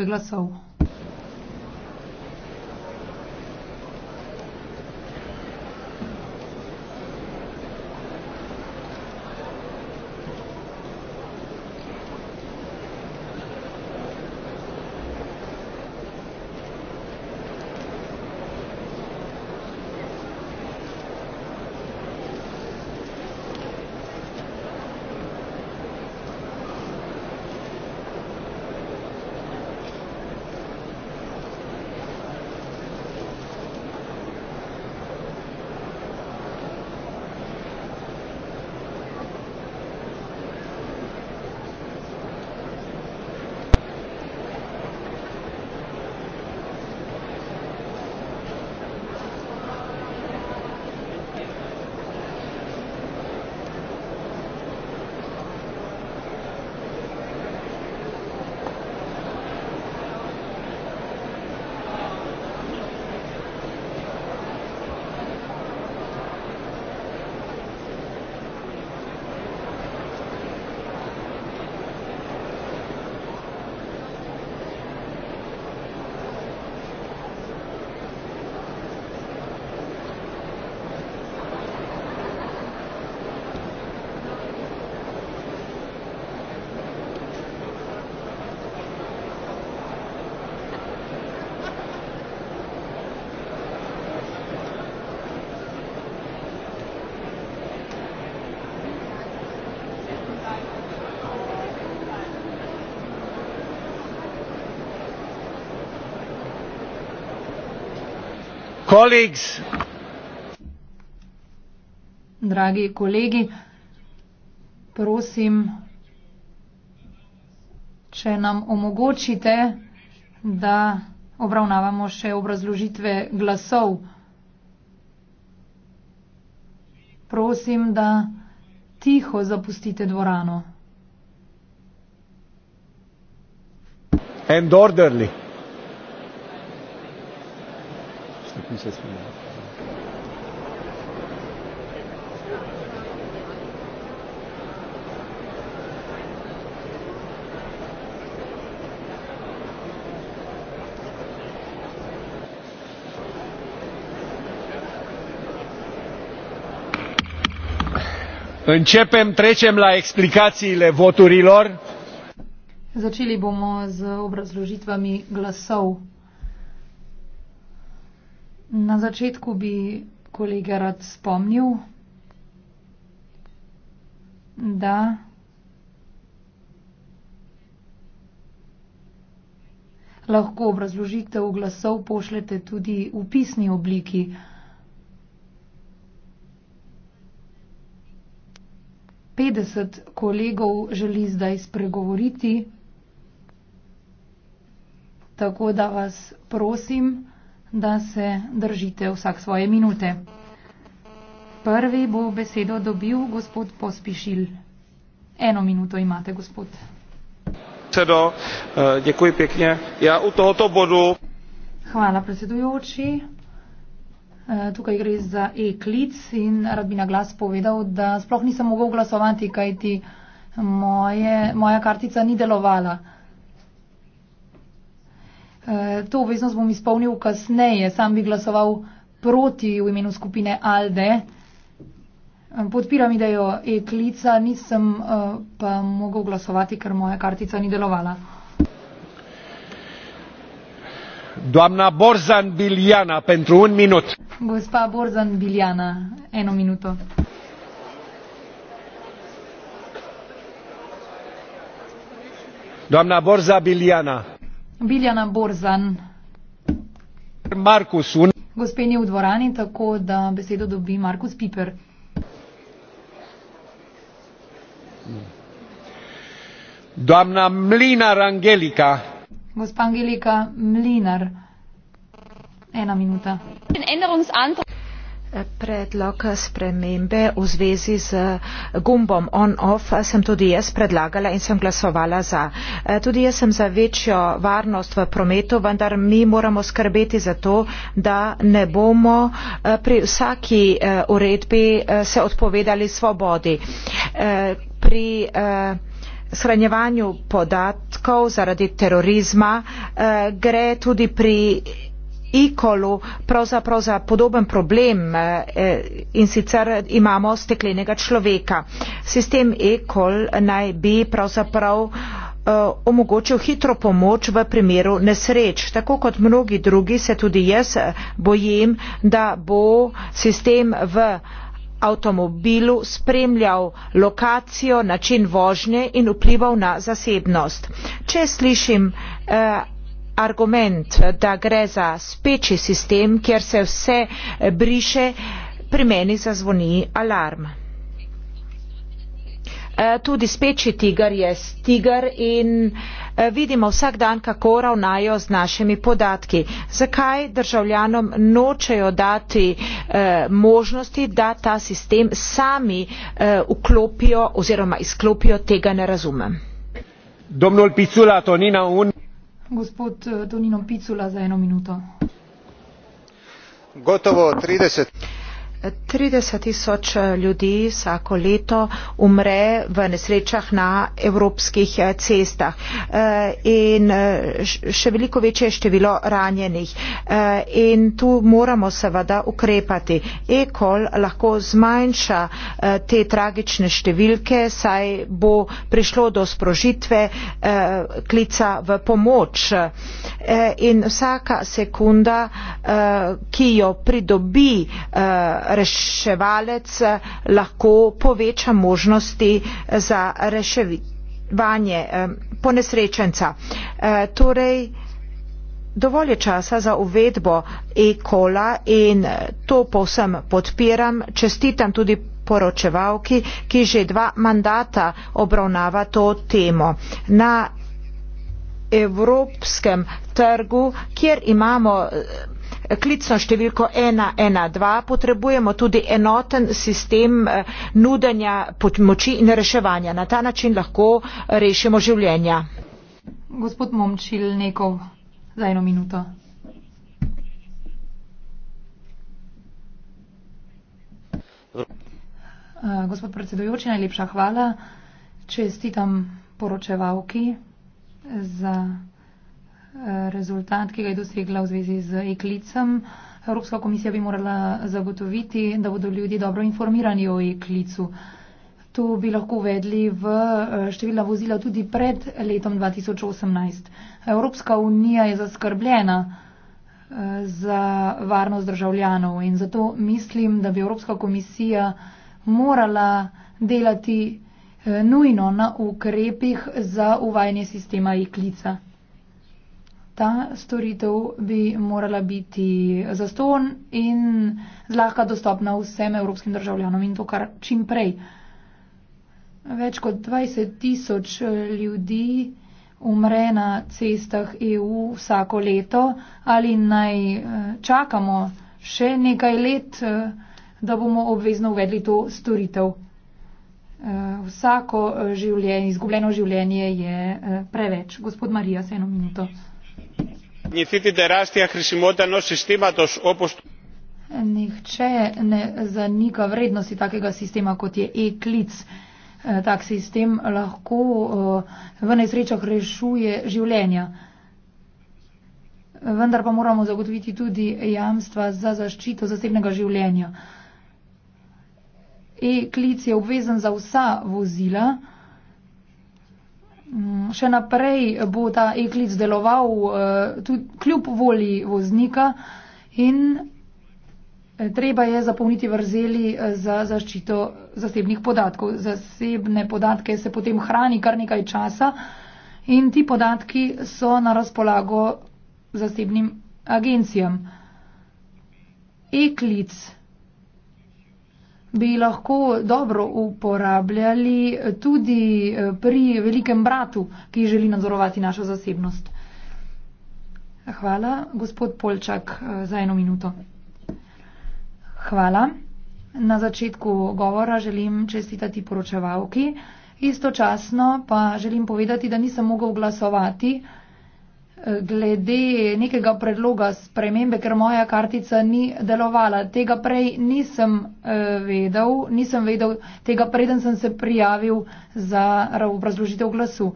glasov. colleagues. Dragi kolegi, prosim, če nam omogočite, da obravnavamo še obrazložitve glasov. Prosim, da tiho zapustite dvorano. And orderly. Mrs. Miller. Începem, trecem la explicațiile voturilor. Začeli bomo z obrazložitvami glasov Na začetku bi kolega rad spomnil, da lahko obrazložitev glasov pošljete tudi v pisni obliki. Petdeset kolegov želi zdaj spregovoriti, tako da vas prosim, da se držite vsak svoje minute. Prvi bo besedo dobil gospod Pospišil. Eno minuto imate, gospod. Sedo, eh, děkuji pěkně. Já u tohoto bodu. Hvala, predsedujoči. Eh, tukaj gre za e-klic in rad bi na glas povedal, da sploh nisem mogel glasovati, kajti moje, moja kartica ni delovala. Eh, to obveznost bom izpolnil kasneje. Sam bi glasoval proti v imenu skupine Alde. Eh, podpiram idejo e-klica, nisem eh, pa mogel glasovati, ker moja kartica ni delovala. Doamna Borzan Biljana, pentru un minut. Gospa Borzan Biljana, eno minuto. Doamna Borza Biljana biljana borzan markus un gospe ni v dvorani tako da besedo dobi markus piper Doamna Mlinar Angelica. Gospa Angelica Mlinar. Ena minuta. Änderungsantrag predlog spremembe v zvezi z gumbom on-off sem tudi jaz predlagala in sem glasovala za. E, tudi jaz sem za večjo varnost v prometu, vendar mi moramo skrbeti za to, da ne bomo e, pri vsaki e, uredbi se odpovedali svobodi. Pri shranjevanju podatkov zaradi terorizma gre tudi pri ecolu pravzaprav za podoben problem eh, in sicer imamo steklenega človeka. Sistem ecol naj bi pravzaprav eh, omogočil hitro pomoč v primeru nesreč. Tako kot mnogi drugi se tudi jaz eh, bojim, da bo sistem v avtomobilu spremljal lokacijo, način vožnje in vplival na zasebnost. Če slišim eh, argument da gre za speči sistem kjer se vse briše pri meni zazvoni alarm e, tudi speči tiger je tiger in e, vidimo vsak dan kako ravnajo z našimi podatki zakaj državljanom nočejo dati e, možnosti da ta sistem sami vklopijo oziroma izklopijo tega ne razumem Domnul Pizzula, Tonina, un gospod eh, tonino picula za eno minuto gotovo trideset. 30 tisoč eh, ljudi vsako leto umre v nesrečah na evropskih eh, cestah eh, in še veliko večje število ranjenih. In tu moramo seveda ukrepati. Ekol lahko zmanjša te tragične številke, saj bo prišlo do sprožitve klica v pomoč. In vsaka sekunda, ki jo pridobi reševalec lahko poveča možnosti za reševanje eh, ponesrečenca. Eh, torej, dovolj je časa za uvedbo e-kola in eh, to povsem podpiram. Čestitam tudi poročevalki, ki že dva mandata obravnava to temo. Na evropskem trgu, kjer imamo klicno številko ena ena dva potrebujemo tudi enoten sistem eh, nudenja pomoči in reševanja na ta način lahko rešimo življenja gospod momčil nekov za eno minuto eh, gospod predsedujoči najlepša hvala čestitam poročevalki za rezultat, ki ga je dosegla v zvezi z eklicem. Evropska komisija bi morala zagotoviti, da bodo ljudje dobro informirani o eklicu. To bi lahko uvedli v eh, številna vozila tudi pred letom 2018. Evropska unija je zaskrbljena eh, za varnost državljanov in zato mislim, da bi Evropska komisija morala delati eh, nujno na ukrepih za uvajanje sistema iklica. E ta storitev bi morala biti zaston in zlahka dostopna vsem evropskim državljanom in to kar čim prej. Več kot 20 tisoč eh, ljudi umre na cestah EU vsako leto ali naj eh, čakamo še nekaj let, eh, da bomo obvezno uvedli to storitev. Vsako življenje, izgubljeno življenje je preveč. Gospod Marija, se eno minuto αρνηθεί την τεράστια χρησιμότητα ενός συστήματος όπως το... Νιχτσέ νε ζανίκα βρέδνωση τάκεγα συστήμα κοτι εκλίτς. Так систем лахко в несречах решує življenja. Vendar pa moramo zagotoviti tudi jamstva za zaščito zasebnega življenja. E-klic je obvezen za vsa vozila. Mm, še naprej bo ta eklic deloval eh, tudi kljub volji voznika in eh, treba je zapolniti vrzeli eh, za zaščito zasebnih podatkov. Zasebne podatke se potem hrani kar nekaj časa in ti podatki so na razpolago zasebnim agencijam. Eklic bi lahko dobro uporabljali tudi eh, pri velikem bratu, ki želi nadzorovati našo zasebnost. Hvala, gospod Polčak, eh, za eno minuto. Hvala. Na začetku govora želim čestitati poročevalki. Istočasno pa želim povedati, da nisem mogel glasovati glede nekega predloga spremembe, ker moja kartica ni delovala. Tega prej nisem eh, vedel, nisem vedel tega preden sem se prijavil za obrazložitev glasu.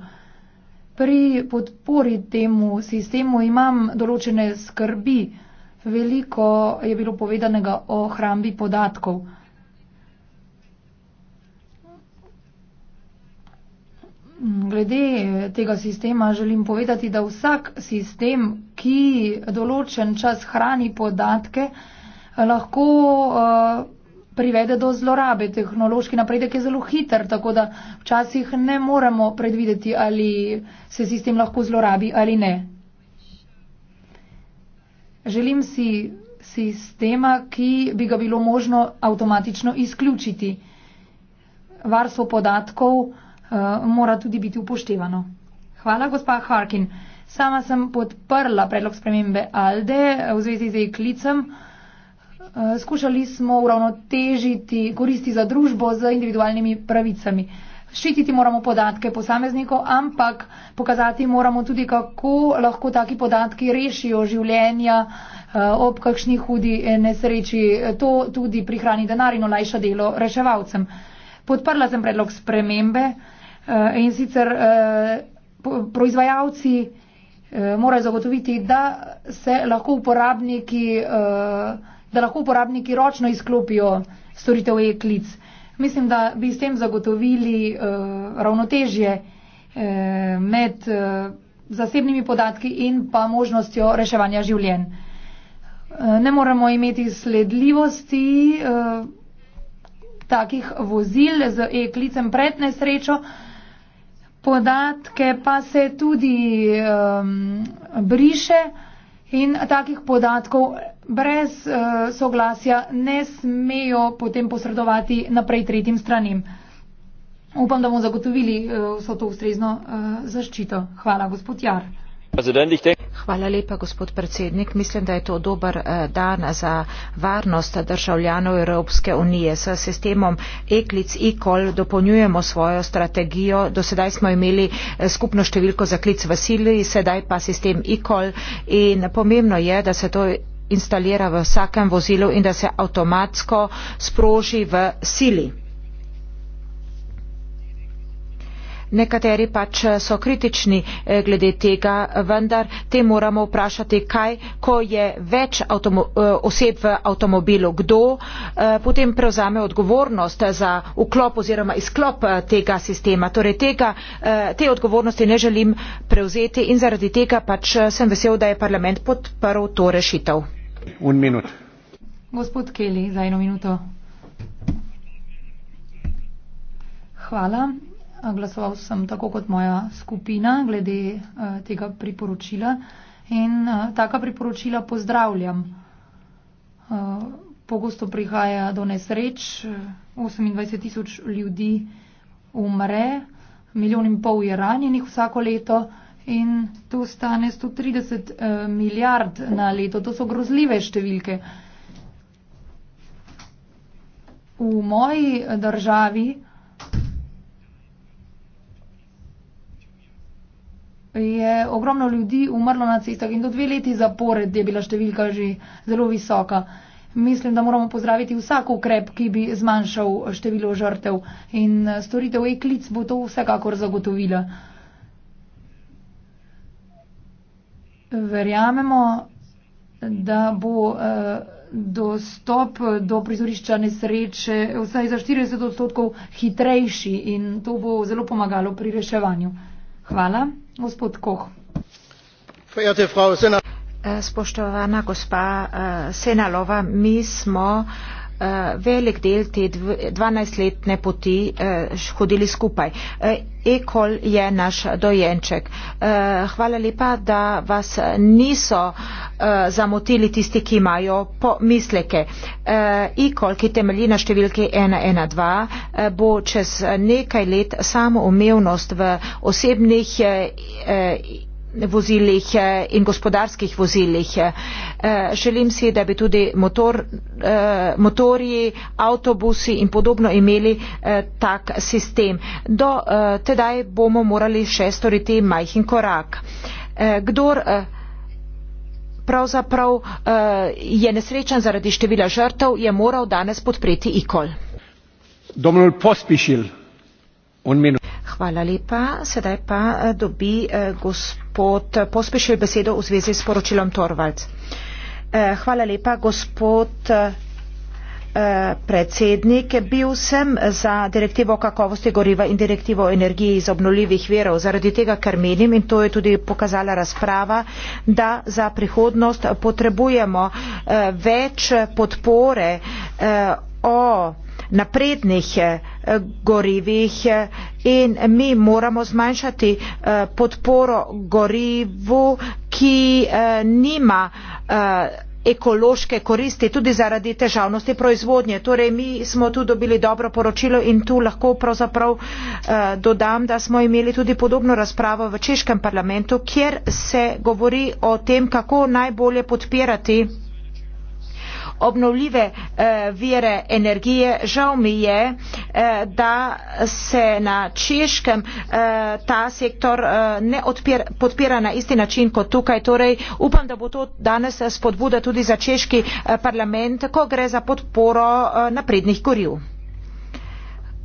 Pri podpori temu sistemu imam določene skrbi. Veliko je bilo povedanega o hrambi podatkov. glede eh, tega sistema želim povedati, da vsak sistem, ki določen čas hrani podatke, lahko eh, privede do zlorabe. Tehnološki napredek je zelo hiter, tako da včasih ne moremo predvideti, ali se sistem lahko zlorabi ali ne. Želim si sistema, ki bi ga bilo možno avtomatično izključiti. Varstvo podatkov. Eh, mora tudi biti upoštevano. Hvala, gospa Harkin. Sama sem podprla predlog spremembe ALDE eh, v zvezi z eklicem. Eh, skušali smo uravnotežiti koristi za družbo z individualnimi pravicami. Ščititi moramo podatke posameznikov, ampak pokazati moramo tudi, kako lahko taki podatki rešijo življenja ob kakšni hudi nesreči. To tudi prihrani denar in olajša delo reševalcem. Podprla sem predlog spremembe. Eh, in sicer eh, proizvajalci eh, morajo zagotoviti, da se lahko uporabniki, da lahko uporabniki ročno izklopijo storitev e-klic. Mislim, da bi s tem zagotovili ravnotežje med zasebnimi podatki in pa možnostjo reševanja življenj. Ne moremo imeti sledljivosti takih vozil z e-klicem pred nesrečo, podatke pa se tudi um, briše in takih podatkov brez uh, soglasja ne smejo potem posredovati naprej tretjim stranim. Upam, da bomo zagotovili uh, vso to ustrezno uh, zaščito. Hvala, gospod Jar. Hvala lepa, gospod predsednik. Mislim, da je to dober eh, dan za varnost državljanov Evropske unije. S sistemom Eklic e-call dopolnjujemo svojo strategijo. Do sedaj smo imeli eh, skupno številko za klic v sili, sedaj pa sistem e-call in pomembno je, da se to instalira v vsakem vozilu in da se avtomatsko sproži v sili. Nekateri pač eh, so kritični eh, glede tega, vendar te moramo vprašati, kaj, ko je več avtomo, eh, oseb v avtomobilu, kdo potem prevzame odgovornost za vklop oziroma izklop tega sistema. Torej tega, te odgovornosti ne želim prevzeti in zaradi tega pač sem vesel, da je parlament podprl to rešitev. Gospod Keli, za eno minuto. Hvala. Eh, glasoval sem tako kot moja skupina glede eh, tega priporočila in eh, taka priporočila pozdravljam. Pogosto prihaja do nesreč, 28 tisoč ljudi umre, milijon in pol je ranjenih vsako leto in to stane 130 milijard na leto. To so grozljive številke. V moji državi je ogromno ljudi umrlo na cestah in do dve leti zapored je bila številka že zelo visoka. Mislim, da moramo pozdraviti vsak ukrep, ki bi zmanjšal število žrtev in eh, storitev e-klic bo to vsekakor zagotovila. Verjamemo, da bo eh, dostop do prizorišča nesreče vsaj za 40 odstotkov hitrejši in to bo zelo pomagalo pri reševanju. Eh, spoštovana gospa eh, sehnalov mi smo v parlamentu že dolgo in vemo kako je to. Eh, velik del te 12-letne poti uh, hodili skupaj. Uh, Ekol je naš dojenček. Uh, hvala lepa, da vas niso uh, zamotili tisti, ki imajo pomisleke. Uh, Ekol, ki temelji na številki 112, uh, bo čez nekaj let samo umevnost v osebnih uh, uh, vozilih eh, in gospodarskih vozilih. Eh, želim si, da bi tudi motor, eh, motorji, avtobusi in podobno imeli tak sistem. Do tedaj bomo morali še storiti majhen korak. Kdor pravzaprav je nesrečen zaradi števila žrtev, je moral danes podpreti ikol. Domnul Pospišil. Hvala lepa. Sedaj pa eh, dobi eh, gospod Pospešil besedo v zvezi s poročilom Torvalc. Eh, hvala lepa, gospod predsednik. Bil sem za direktivo o kakovosti goriva in direktivo o energiji iz obnoljivih verov, zaradi tega, ker menim, in to je tudi pokazala razprava, da za prihodnost potrebujemo več podpore o naprednih gorivih eh, in mi moramo zmanjšati eh, podporo gorivu, ki eh, nima ekološke koristi tudi zaradi težavnosti proizvodnje. Torej, mi smo tu dobili dobro poročilo in tu lahko pravzaprav eh, dodam, da smo imeli tudi podobno razpravo v češkem parlamentu, kjer se govori o tem, kako najbolje podpirati eh, obnovljive eh, vire energije. Žal mi je, eh, da se na češkem eh, ta sektor ne podpira na isti način kot tukaj. Torej, upam, da bo to danes spodbuda tudi za češki parlament, ko gre za podporo naprednih goril.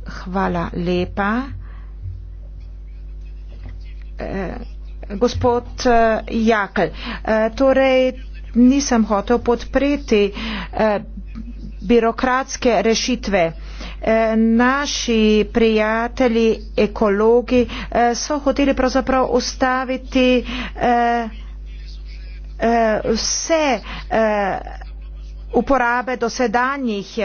Hvala lepa. Gospod Jakl, torej nisem hotel podpreti eh, birokratske rešitve. Eh, naši prijatelji, ekologi eh, so hoteli pravzaprav ustaviti vse uporabe dosedanjih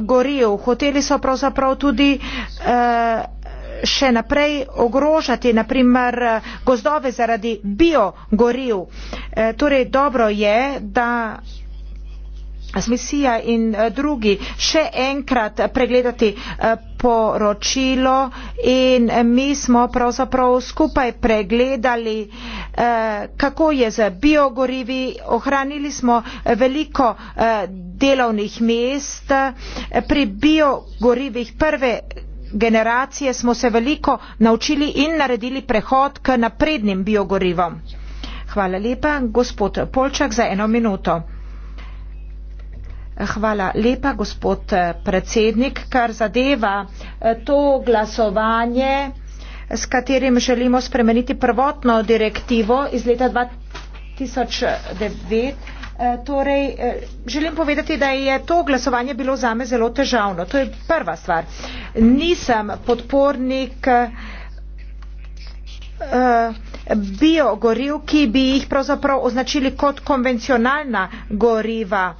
goril. Hoteli so pravzaprav tudi še naprej ogrožati naprimer gozdove zaradi biogoriv. E, torej dobro je, da Smisija in e, drugi še enkrat pregledati e, poročilo in mi smo pravzaprav skupaj pregledali, kako je z biogorivi, ohranili smo veliko delovnih mest pri biogorivih prve generacije smo se veliko naučili in naredili prehod k naprednim biogorivom. Hvala lepa, gospod Polčak, za eno minuto. Hvala lepa, gospod predsednik, kar zadeva eh, to glasovanje, s katerim želimo spremeniti prvotno direktivo iz leta 2009. Eh, torej, eh, želim povedati, da je to glasovanje bilo zame zelo težavno. To je prva stvar. Nisem podpornik eh, biogoriv, ki bi jih pravzaprav označili kot konvencionalna goriva.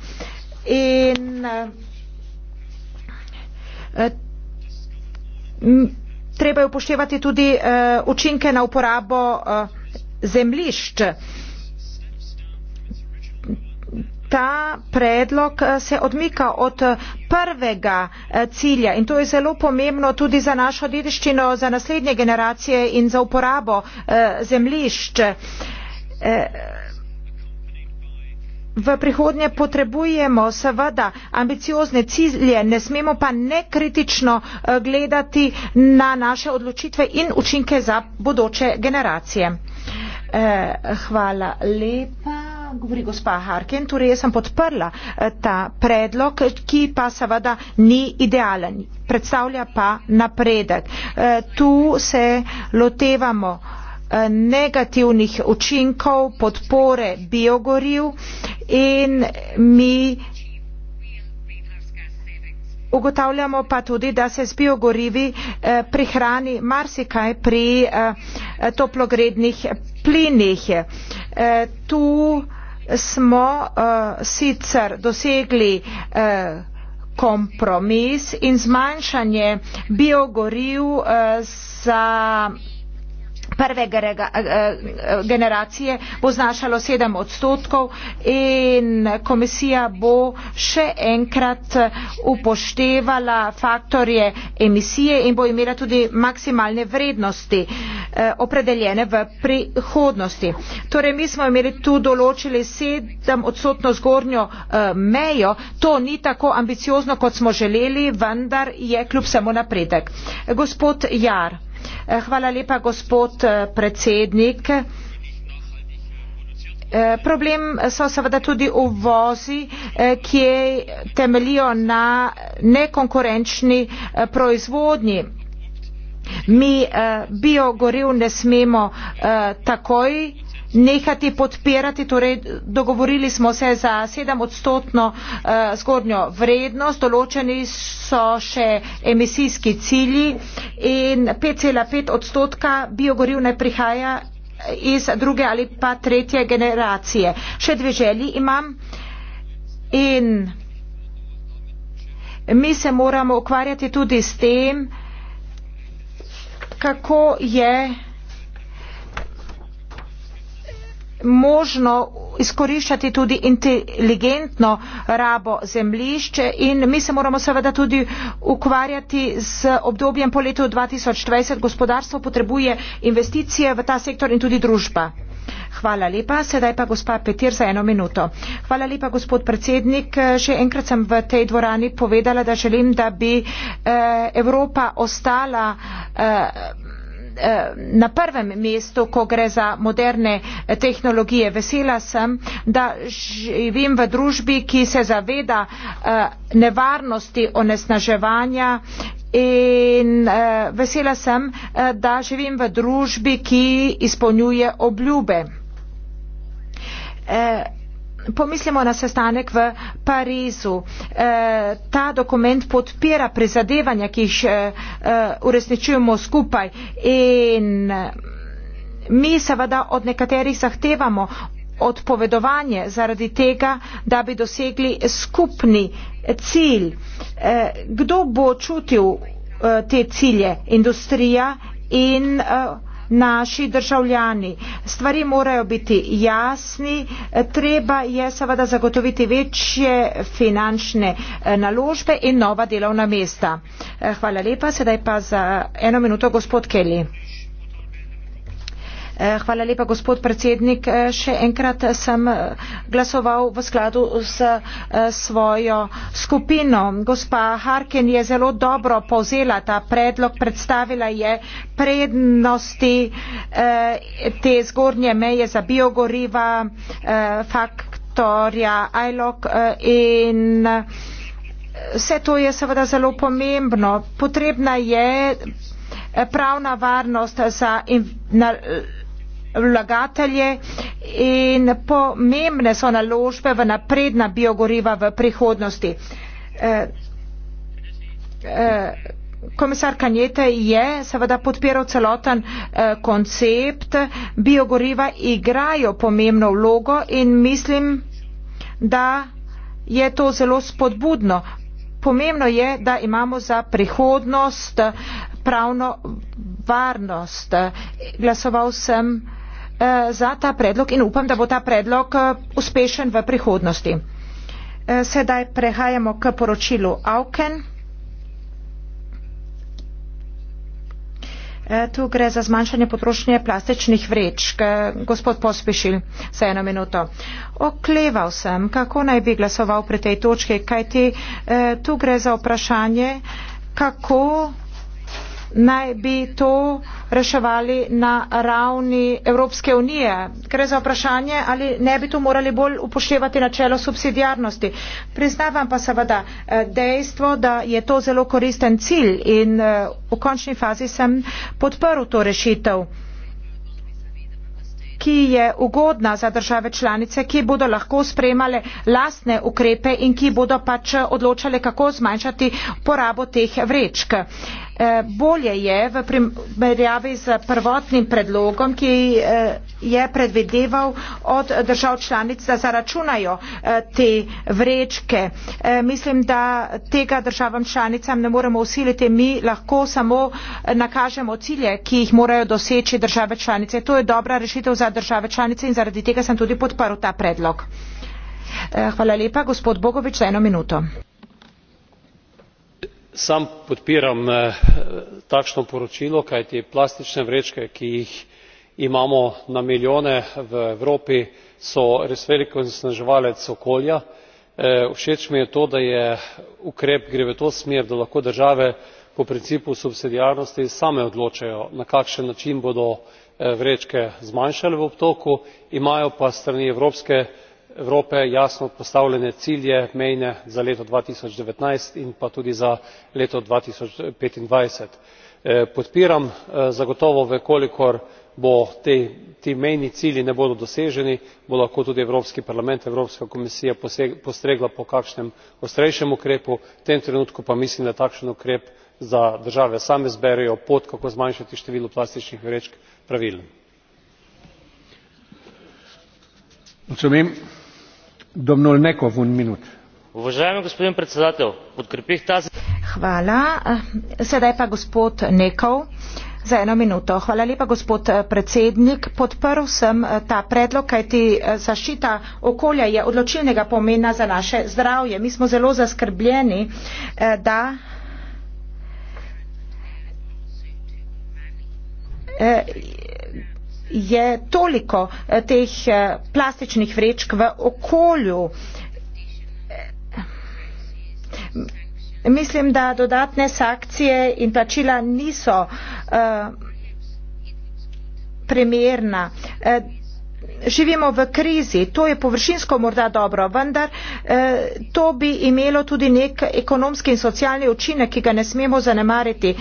In treba je upoštevati tudi učinke na uporabo zemlišč ta predlog eh, se odmika od eh, prvega eh, cilja in to je zelo pomembno tudi za našo dediščino, za naslednje generacije in za uporabo zemljišč. V prihodnje potrebujemo seveda ambiciozne cilje, ne smemo pa nekritično gledati na naše odločitve in učinke za bodoče generacije. Hvala lepa govori gospa Harken, torej jaz sem podprla eh, ta predlog, ki pa seveda ni idealen, predstavlja pa napredek. Eh, tu se lotevamo eh, negativnih učinkov podpore biogoriv in mi ugotavljamo pa tudi, da se z biogorivi prihrani marsikaj pri toplogrednih plinih. Tu smo uh, sicer dosegli uh, kompromis in zmanjšanje biogoriv uh, za prve generacije bo znašalo sedem odstotkov in komisija bo še enkrat upoštevala faktorje emisije in bo imela tudi maksimalne vrednosti. Uh, Eh, opredeljene v prihodnosti. Torej, mi smo imeli tu določili sedem odstotno zgornjo eh, mejo, to ni tako ambiciozno, kot smo želeli, vendar je kljub samo napredek. Gospod Jar, eh, hvala lepa, gospod predsednik. Problem so seveda tudi uvozi, ki temelijo na nekonkurenčni proizvodnji. Mi uh, biogoriv ne smemo uh, takoj nehati podpirati, torej dogovorili smo se za sedemodstotno uh, zgornjo vrednost, določeni so še emisijski cilji in 5,5 odstotka biogoriv ne prihaja iz druge ali pa tretje generacije. Še dve želji imam in mi se moramo ukvarjati tudi s tem, uh, kako je možno izkoriščati tudi inteligentno rabo zemljišče in mi se moramo seveda tudi ukvarjati z obdobjem po letu 2020. Gospodarstvo potrebuje investicije v ta sektor in tudi družba. Hvala lepa. Sedaj pa gospa Petir za eno minuto. Hvala lepa, gospod predsednik. Še enkrat sem v tej dvorani povedala, da želim, da bi eh, Evropa ostala eh, eh, na prvem mestu, ko gre za moderne tehnologije. Vesela sem, da živim v družbi, ki se zaveda nevarnosti onesnaževanja. In uh, vesela sem, uh, da živim v družbi, ki izpolnjuje obljube. Eh, pomislimo na sestanek v Parizu. Eh, ta dokument podpira prizadevanja, ki jih eh, uresničujemo skupaj in mi seveda od nekaterih zahtevamo odpovedovanje zaradi tega, da bi dosegli skupni cilj. Kdo bo čutil te cilje? Industrija in naši državljani. Stvari morajo biti jasni, treba je seveda zagotoviti večje finančne eh, naložbe in nova delovna mesta. Eh, hvala lepa, sedaj pa za eno minuto gospod Kelly. Eh, hvala lepa, gospod predsednik. Eh, še enkrat sem eh, glasoval v skladu s svojo skupino. Gospa Harken je zelo dobro povzela ta predlog, predstavila je prednosti te zgornje meje za biogoriva, faktorja ILOC in vse to je seveda zelo pomembno. Potrebna je pravna varnost za in, na, vlagatelje in pomembne so naložbe v napredna biogoriva v prihodnosti. Eh, eh, komisar Kanjete je seveda podpiral celoten eh, koncept, biogoriva igrajo pomembno vlogo in mislim, da je to zelo spodbudno. Pomembno je, da imamo za prihodnost pravno varnost. Glasoval sem. Eh, Eh, za ta predlog in upam, da bo ta predlog eh, uspešen v prihodnosti. Eh, sedaj prehajamo k poročilu Auken. Tu gre za zmanjšanje potrošnje plastičnih vrečk. Gospod Pospišil, za eno minuto. Okleval sem, kako naj bi glasoval pri tej točki, kajti tu gre za vprašanje, kako naj bi to reševali na ravni Evropske unije. Gre za vprašanje, ali ne bi to morali bolj upoštevati načelo subsidijarnosti. Priznavam pa seveda eh, dejstvo, da je to zelo koristen cilj in eh, v končni fazi sem podprl to rešitev ki je ugodna za države članice, ki bodo lahko spremale lastne ukrepe in ki bodo pač eh, odločale, kako zmanjšati porabo teh vrečk. Uh, Eh, bolje je v primerjavi z prvotnim predlogom, ki eh, je predvideval od držav članic, da zaračunajo eh, te vrečke. Mislim, da tega državam članicam ne moremo usiliti, mi lahko samo nakažemo cilje, ki jih morajo doseči države članice. To je dobra rešitev za države članice in zaradi tega sem tudi podprl ta predlog. Hvala lepa, gospod Bogovič, za eno minuto sam podpiram eh, takšno poročilo kajti plastične vrečke ki jih imamo na milijone v evropi so res velik onesnaževalec okolja. Eh, všeč mi je to da je ukrep gre v to smer da lahko države po principu subsidiarnosti same odločajo na kakšen način bodo eh, vrečke zmanjšale v obtoku imajo pa s strani evropske evrope jasno postavljene cilje mejne za leto dva tisoč devetnajst in pa tudi za leto. dva tisoč petindvajset eh, podpiram eh, zagotovo v kolikor bo ti mejni cilji ne bodo doseženi bo lahko tudi evropski parlament evropska komisija postregla po kakšnem ostrejšem ukrepu v tem trenutku pa mislim da takšen ukrep za države same zberejo pot kako zmanjšati število plastičnih vrečk pravilen sedaj pa gospod nekov za eno minuto hvala lepa gospod eh, predsednik podprl sem eh, ta predlog kajti zaščita okolja je odločilnega pomena za naše zdravje mi smo zelo ogroženi zaradi naših emisij stakleničkih plinov zaščita okolja je odločilnega pomena za naše zdravje mi smo zelo zaskrbljeni eh, da je toliko eh, teh eh, plastičnih vrečk v okolju. Eh, mislim, da dodatne sankcije in plačila niso primerna. Živimo v krizi, to je površinsko morda dobro, vendar eh, to bi imelo tudi nek ekonomski in socialni učinek, ki ga ne smemo zanemariti.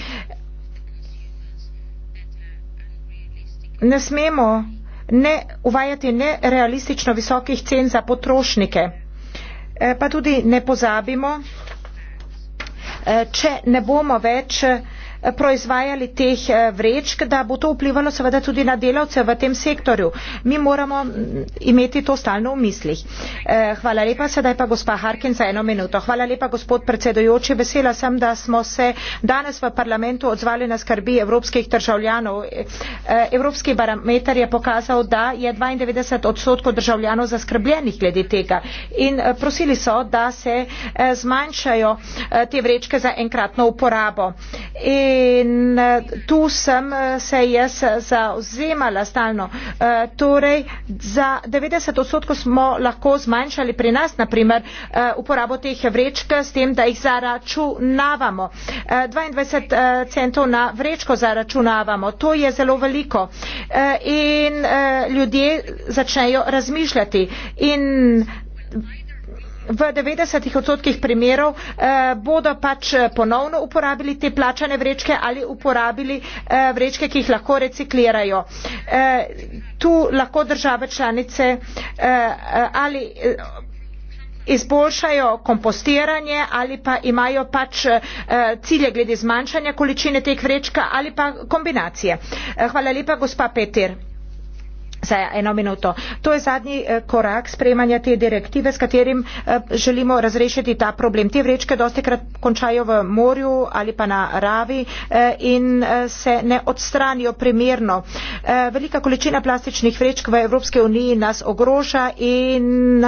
ne smemo ne uvajati nerealistično visokih cen za potrošnike. Eh, pa tudi ne pozabimo, eh, če ne bomo več proizvajali teh eh, vrečk, da bo to vplivalo seveda tudi na delavce v tem sektorju. Mi moramo mm, imeti to stalno v mislih. Eh, hvala lepa, sedaj pa gospa Harkin za eno minuto. Hvala lepa, gospod predsedujoči. Vesela sem, da smo se danes v parlamentu odzvali na skrbi evropskih državljanov. Eh, evropski barometer je pokazal, da je 92 odstotkov državljanov zaskrbljenih glede tega. In prosili so, da se zmanjšajo te vrečke za enkratno uporabo. In in eh, tu sem eh, se jaz eh, zauzemala stalno. Torej, za 90 odstotkov smo lahko zmanjšali pri nas, naprimer, uporabo teh vrečk s tem, da jih zaračunavamo. 22 centov na vrečko zaračunavamo, to je zelo veliko. In ljudje začnejo razmišljati. In v devetdesetih odstotkih primerov eh, bodo pač eh, ponovno uporabili te plačane vrečke ali uporabili eh, vrečke, ki jih lahko reciklirajo. Eh, tu lahko države članice eh, ali eh, izboljšajo kompostiranje ali pa imajo pač eh, cilje glede zmanjšanja količine teh vrečka ali pa kombinacije. Eh, hvala lepa, gospa Petir za eno minuto. To je zadnji eh, korak sprejemanja te direktive, s katerim eh, želimo razrešiti ta problem. Te vrečke dosti krat končajo v morju ali pa na ravi eh, in se ne odstranijo primerno. Velika količina plastičnih vrečk v Evropske uniji nas ogroža in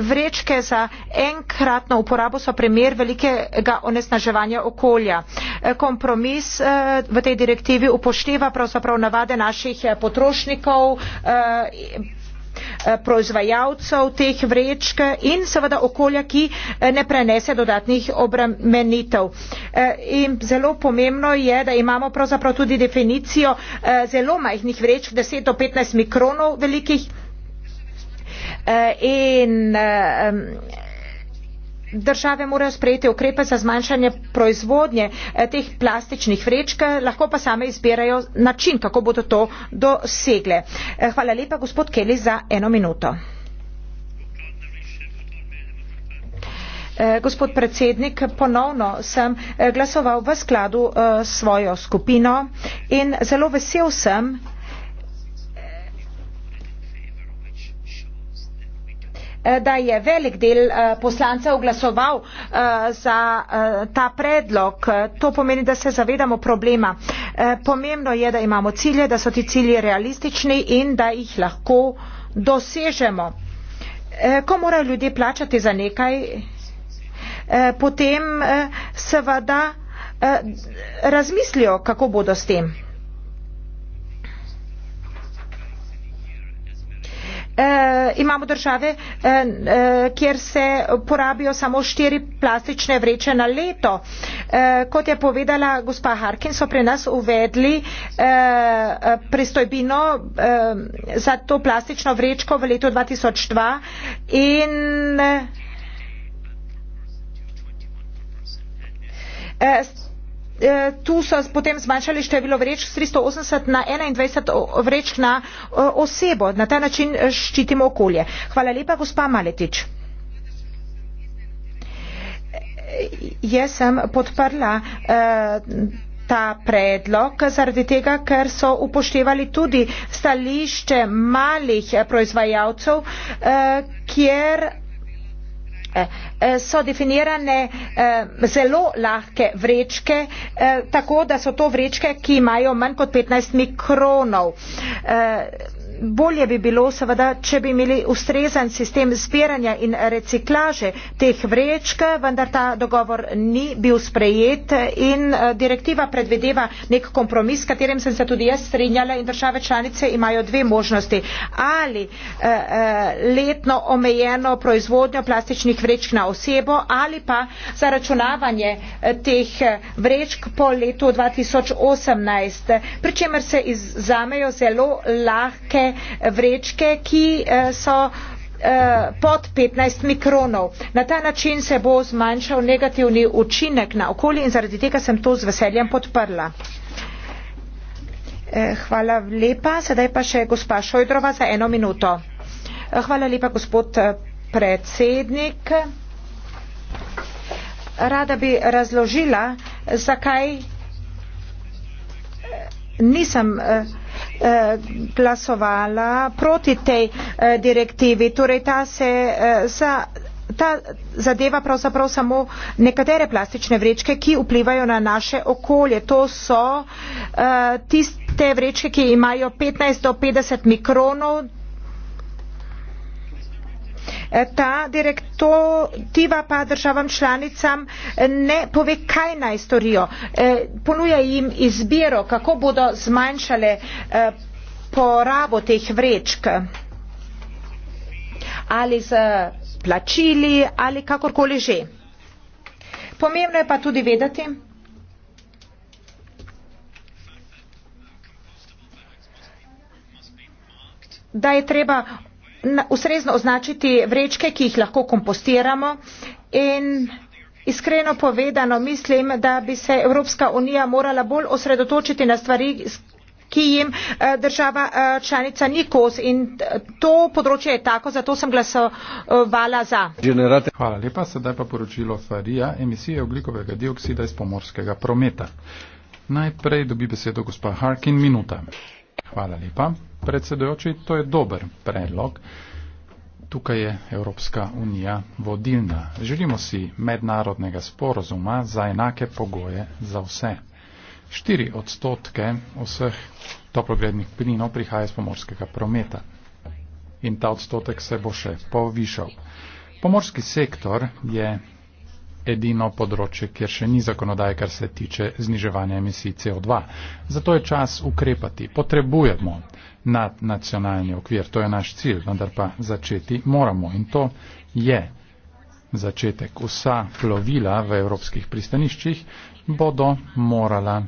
vrečke za enkratno uporabo so primer velikega onesnaževanja okolja. Kompromis eh, v tej direktivi upošteva pravzaprav navade naših eh, potrošnikov eh, proizvajalcev teh vrečk in seveda okolja, ki ne prenese dodatnih obremenitev. In zelo pomembno je, da imamo pravzaprav tudi definicijo zelo majhnih vrečk, 10 do 15 mikronov velikih Eh, in eh, države morajo sprejeti ukrepe za zmanjšanje proizvodnje eh, teh plastičnih vrečk, lahko pa same izbirajo način, kako bodo to dosegle. Hvala lepa, gospod Kelly, za eno minuto. Gospod predsednik, ponovno sem glasoval v skladu s svojo skupino in zelo vesel sem, Eh, da je velik del eh, poslancev glasoval eh, za ta predlog. To pomeni, da se zavedamo problema. Pomembno je, da imamo cilje, da so ti cilji realistični in da jih lahko dosežemo. Ko morajo ljudje plačati za nekaj, potem seveda razmislijo, kako bodo s tem. eh, imamo države, eh, eh, kjer se porabijo samo štiri plastične vreče na leto. Eh, kot je povedala gospa Harkin, so pri nas uvedli eh, pristojbino eh, za to plastično vrečko v letu 2002 in eh, Eh, tu so potem zmanjšali število vreč s 380 na 21 vreč na eh, osebo. Na ta način eh, ščitimo okolje. Hvala lepa, gospa Maletič. Jaz sem podprla ta predlog zaradi tega, ker so upoštevali tudi stališče malih proizvajalcev, kjer vrečke. E, so definirane e, zelo lahke vrečke, e, tako da so to vrečke, ki imajo manj kot 15 mikronov bolje bi bilo seveda če bi imeli ustrezen sistem zbiranja in reciklaže teh vrečk vendar ta dogovor ni bil sprejet in eh, direktiva predvideva nek kompromis s katerim sem se tudi jaz strinjala in države članice imajo dve možnosti ali eh, eh letno omejeno proizvodnjo plastičnih vrečk na osebo ali pa zaračunavanje eh, teh vrečk po letu 2018 pri čemer se izzamejo zelo lahke vrečke, ki eh, so eh, pod 15 mikronov. Na ta način se bo zmanjšal negativni učinek na okolje in zaradi tega sem to z veseljem podprla. Eh, hvala lepa. Sedaj pa še gospa Šojdrova za eno minuto. Hvala lepa, gospod predsednik. Rada bi razložila, zakaj nisem Eh, glasovala proti tej eh, direktivi. Torej ta se eh, za ta zadeva pravzaprav samo nekatere plastične vrečke, ki vplivajo na naše okolje. To so uh, tiste vrečke, ki imajo 15 do 50 mikronov, ta direktiva pa državam članicam ne pove, kaj naj storijo. E, ponuja jim izbiro, kako bodo zmanjšale e, porabo teh vrečk ali z plačili ali kakorkoli že. Pomembno je pa tudi vedeti, da je treba ustrezno označiti vrečke, ki jih lahko kompostiramo in iskreno povedano mislim, da bi se Evropska unija morala bolj osredotočiti na stvari, ki jim eh, država eh, članica ni kos in eh, to področje je tako, zato sem glasovala za. Hvala lepa, sedaj pa poročilo Farija, emisije oglikovega dioksida iz pomorskega prometa. Najprej dobi besedo gospa Harkin, minuta. Hvala lepa. Predsedojoči, to je dober predlog. Tukaj je Evropska unija vodilna. Želimo si mednarodnega sporozuma za enake pogoje za vse. 4 odstotke vseh toplogrednih plinov prihaja iz pomorskega prometa in ta odstotek se bo še povišal. Pomorski sektor je edino področje, kjer še ni zakonodaje, kar se tiče zniževanja emisij CO2. Zato je čas ukrepati. Potrebujemo nadnacionalni okvir, to je naš cilj, vendar pa začeti moramo in to je začetek. Vsa plovila v evropskih pristaniščih bodo morala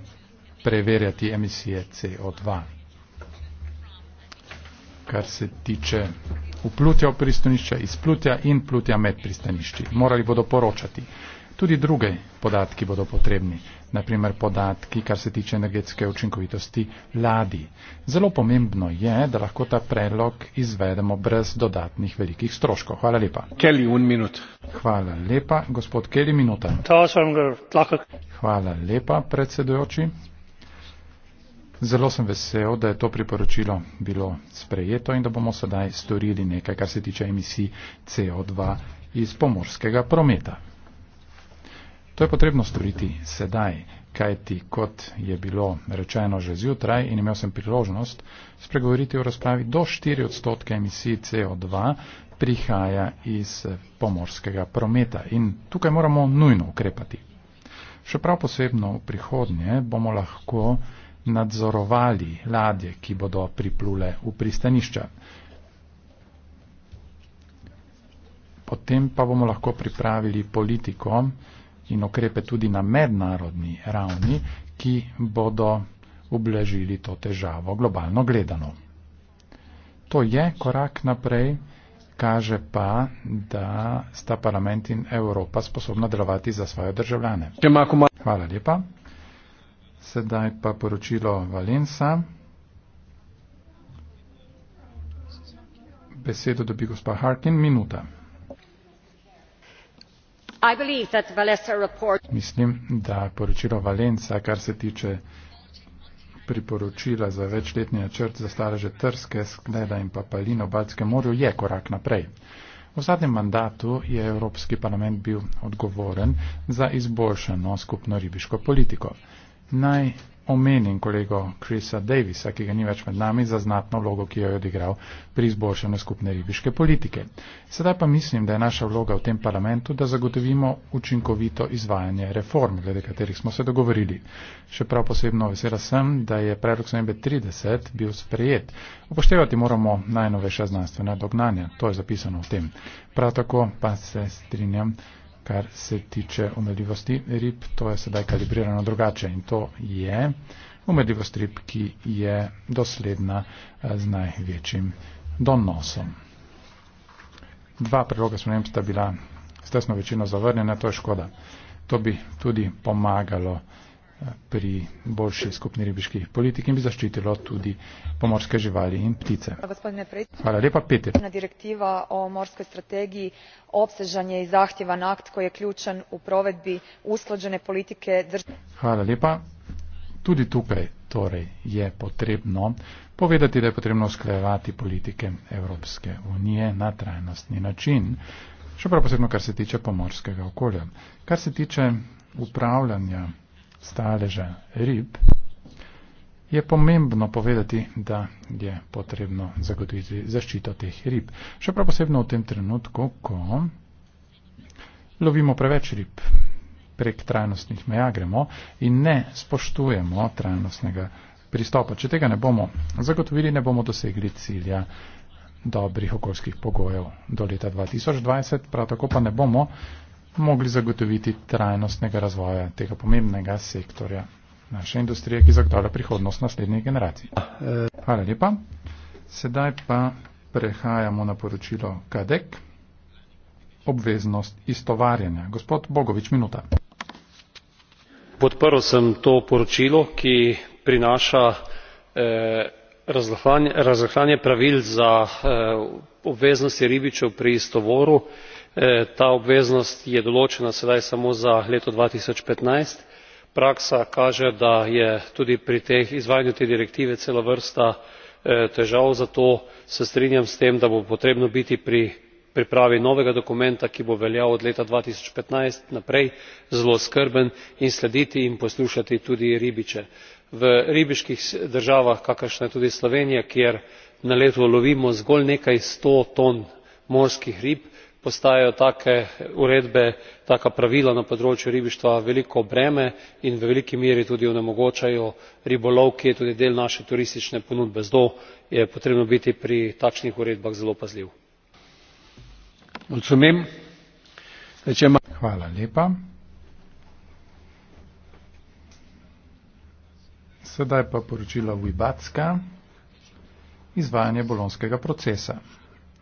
preverjati emisije CO2. Kar se tiče vplutja v pristanišče, izplutja in plutja med pristanišči. Morali bodo poročati. Tudi druge podatki bodo potrebni, naprimer podatki, kar se tiče energetske učinkovitosti ladi. Zelo pomembno je, da lahko ta predlog izvedemo brez dodatnih velikih stroškov. Hvala lepa. Kelly, Hvala lepa, gospod Kelly, minuta. Hvala lepa, predsedujoči. Zelo sem vesel, da je to priporočilo bilo sprejeto in da bomo sedaj storili nekaj, kar se tiče emisij CO2 iz pomorskega prometa. To je potrebno storiti sedaj, kajti kot je bilo rečeno že zjutraj in imel sem priložnost spregovoriti o razpravi, do 4 odstotke emisij CO2 prihaja iz pomorskega prometa in tukaj moramo nujno ukrepati. Še prav posebno v prihodnje bomo lahko nadzorovali ladje, ki bodo priplule v pristanišča. Potem pa bomo lahko pripravili politiko in okrepe tudi na mednarodni ravni, ki bodo ublažili to težavo globalno gledano. To je korak naprej, kaže pa, da sta parlament in Evropa sposobna delovati za svoje državljane. Hvala lepa. Sedaj pa poročilo Valensa. Besedo dobi gospa Harkin, minuta. Mislim, da poročilo Valenca, kar se tiče priporočila za večletni načrt za stareže Trske, Skleda in Papalino v Balckem morju, je korak naprej. V zadnjem mandatu je Evropski parlament bil odgovoren za izboljšano skupno ribiško politiko. Naj omenim kolego Krisa Davisa, ki ga ni več med nami, za znatno vlogo, ki jo je odigral pri izboljšanju skupne ribiške politike. Sedaj pa mislim, da je naša vloga v tem parlamentu, da zagotovimo učinkovito izvajanje reform, glede katerih smo se dogovorili. Še prav posebno vesela sem, da je predlog SMB 30 bil sprejet. Upoštevati moramo najnovejša znanstvena dognanja, to je zapisano v tem. Prav tako pa se strinjam kar se tiče umedljivosti rib, to je sedaj kalibrirano drugače in to je umedljivost rib, ki je dosledna eh, z največjim donosom. Dva predloga sprememb sta bila s tesno večino zavrnjena, to je škoda. To bi tudi pomagalo uh, pri boljši skupni ribiški politiki in bi zaščitilo tudi pomorske živali in ptice. Hvala lepa, Peter. Direktiva o morskoj strategiji obsežan je i zahtjevan akt koji je ključan u provedbi usklađene politike države. Hvala lepa. Tudi tukaj torej je potrebno povedati, da je potrebno usklajevati politike Evropske unije na trajnostni način. Še prav posebno, kar se tiče pomorskega okolja. Kar se tiče upravljanja staleže rib, je pomembno povedati, da je potrebno zagotoviti zaščito teh rib. Še prav posebno v tem trenutku, ko lovimo preveč rib prek trajnostnih meja gremo in ne spoštujemo trajnostnega pristopa. Če tega ne bomo zagotovili, ne bomo dosegli cilja dobrih okoljskih pogojev do leta 2020, prav tako pa ne bomo mogli zagotoviti trajnostnega razvoja tega pomembnega sektorja naše industrije, ki zagotavlja prihodnost naslednjih generacij. Hvala lepa. Sedaj pa prehajamo na poročilo KADEK. Obveznost istovarjanja. Gospod Bogovič, minuta. Podprl sem to poročilo, ki prinaša eh, razlahanje pravil za eh, obveznosti ribičev pri istovoru. Eh, E, ta obveznost je določena sedaj samo za leto dva tisoč petnajst praksa kaže da je tudi pri teh izvajanju te direktive cela vrsta e, težav zato se strinjam s tem da bo potrebno biti pri pripravi novega dokumenta ki bo veljal od leta dva tisoč petnajst naprej zelo skrben in slediti in poslušati tudi ribiče. v ribiških državah kakršna je tudi slovenija kjer na leto lovimo zgolj nekaj sto ton morskih rib postajajo take uredbe taka pravila na področju ribištva veliko breme in v veliki meri tudi onemogočajo ribolov ki je tudi del naše turistične ponudbe zato je potrebno biti pri takšnih uredbah zelo pazljiv.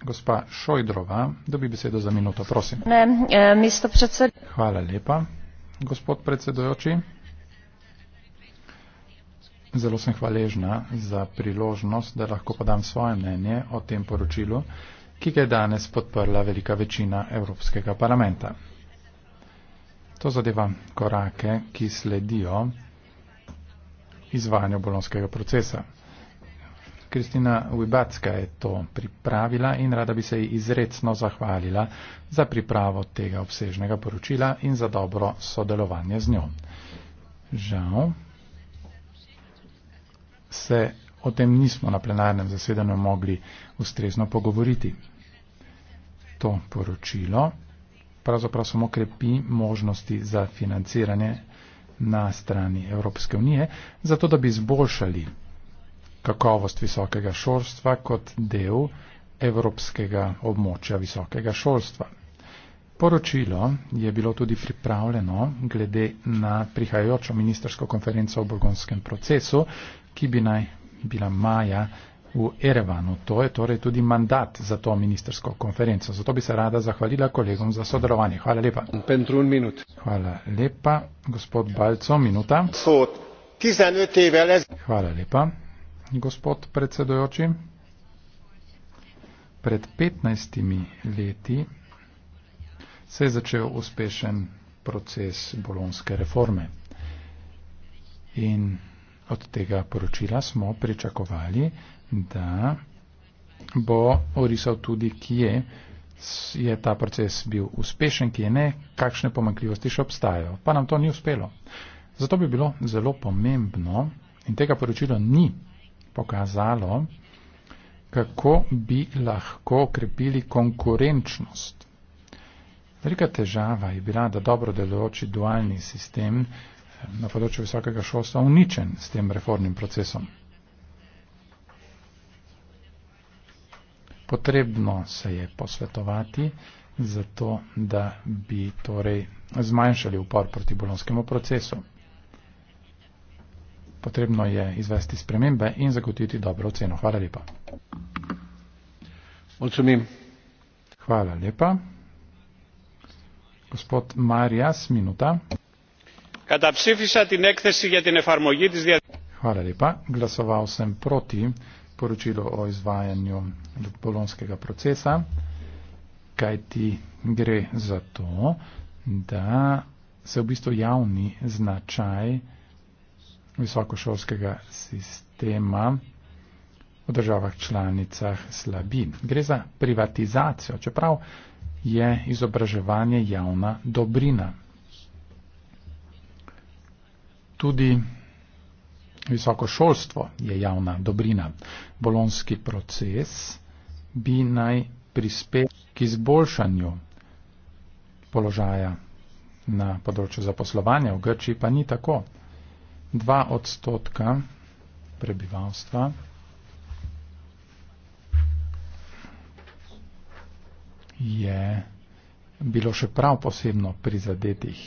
Gospa Šojdrova, dobi besedo za minuto, prosim. Ne, e, mesto predsedujoči. Hvala lepa, gospod predsedujoči. Zelo sem hvaležna za priložnost, da lahko podam svoje mnenje o tem poročilu, ki ga je danes podprla velika večina Evropskega parlamenta. To zadeva korake, ki sledijo izvajanju bolonskega procesa. Kristina Ujbacka je to pripravila in rada bi se ji izredno zahvalila za pripravo tega obsežnega poročila in za dobro sodelovanje z njo. Žal se o tem nismo na plenarnem zasedanju mogli ustrezno pogovoriti. To poročilo pravzaprav samo krepi možnosti za financiranje na strani Evropske unije, zato da bi izboljšali kakovost visokega šolstva kot del evropskega območja visokega šolstva. Poročilo je bilo tudi pripravljeno glede na prihajajočo ministersko konferenco o bolgonskem procesu, ki bi naj bila maja v Erevanu. To je torej tudi mandat za to ministersko konferenco. Zato bi se rada zahvalila kolegom za sodelovanje. Hvala lepa. Hvala lepa, gospod Balco, minuta. Hvala lepa gospod predsedojoči. Pred 15 leti se je začel uspešen proces bolonske reforme. In od tega poročila smo pričakovali, da bo orisal tudi, kje je ta proces bil uspešen, kje ne, kakšne pomankljivosti še obstajajo. Pa nam to ni uspelo. Zato bi bilo zelo pomembno in tega poročila ni pokazalo, kako bi lahko okrepili konkurenčnost. Velika težava je bila, da dobro delujoči dualni sistem eh, na področju visokega šolstva uničen s tem reformnim procesom. Potrebno se je posvetovati zato, da bi torej zmanjšali upor proti bolonskemu procesu potrebno je izvesti spremembe in zagotoviti dobro oceno. Hvala lepa. Ocenim. Hvala lepa. Gospod Marjas, minuta. Hvala lepa. Glasoval sem proti poročilu o izvajanju bolonskega procesa, kaj ti gre za to, da se v bistvu javni značaj visokošolskega sistema v državah članicah slabi. Gre za privatizacijo, čeprav je izobraževanje javna dobrina. Tudi visokošolstvo je javna dobrina. Bolonski proces bi naj prispel k izboljšanju položaja na področju zaposlovanja v Grčiji, pa ni tako. 2 odstotka prebivalstva. je bilo še prav posebno prizadetih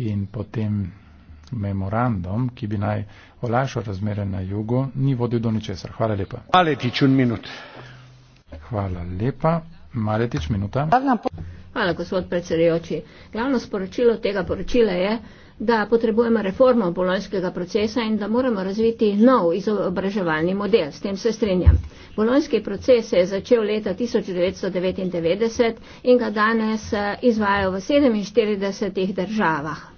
in potem memorandum, ki bi naj olajšal razmere na jugu, ni vodil do ničesar. Hvala lepa. Maletič, minut. Hvala lepa. Maletič, minuta. Hvala, gospod predsedujoči. Glavno sporočilo tega poročila je, da potrebujemo reformo bolonskega procesa in da moramo razviti nov izobraževalni model. S tem se strinjam. Bolonski proces se je začel leta 1999 in ga danes eh, izvajo v 47 državah.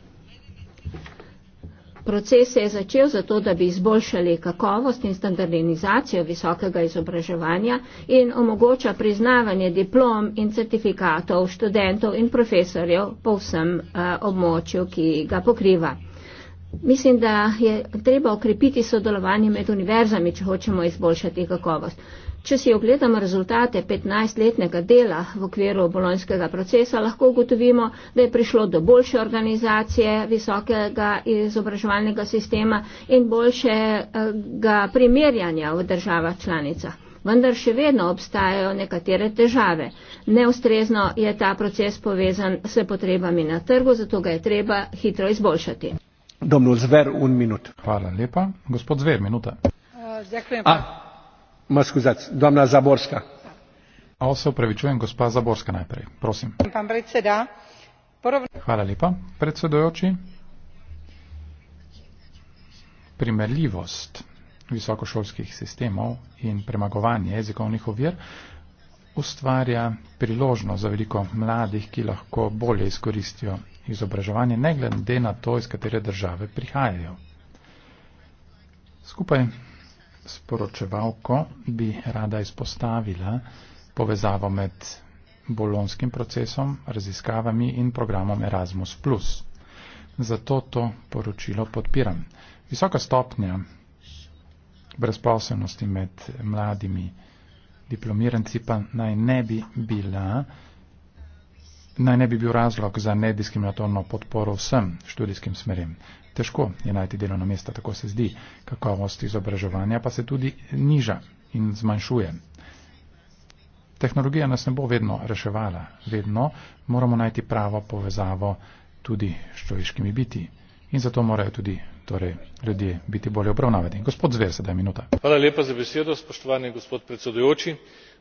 Proces se je začel zato, da bi izboljšali kakovost in standardizacijo visokega izobraževanja in omogoča priznavanje diplom in certifikatov študentov in profesorjev po vsem eh, območju, ki ga pokriva. Mislim, da je treba okrepiti sodelovanje med univerzami, če hočemo izboljšati kakovost. Če si ogledamo rezultate 15-letnega dela v okviru bolonjskega procesa, lahko ugotovimo, da je prišlo do boljše organizacije visokega izobraževalnega sistema in boljšega primerjanja v državah članica. Vendar še vedno obstajajo nekatere težave. Neustrezno je ta proces povezan s potrebami na trgu, zato ga je treba hitro izboljšati. Domnul Zver, un minut. Hvala lepa. Gospod Zver, minuta. Uh, Ma scusate, doamna Zaborska. O, se upravičujem, gospa Zaborska najprej, prosim. Hvala lepa, predsedojoči. Primerljivost visokošolskih sistemov in premagovanje jezikovnih ovir ustvarja priložnost za veliko mladih, ki lahko bolje izkoristijo izobraževanje, ne glede na to, iz katere države prihajajo. Skupaj sporočevalko bi rada izpostavila povezavo med bolonskim procesom, raziskavami in programom Erasmus. Zato to poročilo podpiram. Visoka stopnja brezposobnosti med mladimi diplomiranci pa naj ne bi bila naj ne bi bil razlog za nediskriminatorno podporo vsem študijskim smerem težko je najti delovno mesto, tako se zdi. Kakovost izobraževanja pa se tudi niža in zmanjšuje. Tehnologija nas ne bo vedno reševala, vedno moramo najti pravo povezavo tudi s človeškimi biti in zato morajo tudi torej, ljudje biti bolje obravnavani. Gospod Zver, sedaj minuta. Hvala lepa za besedo, spoštovani gospod predsedujoči.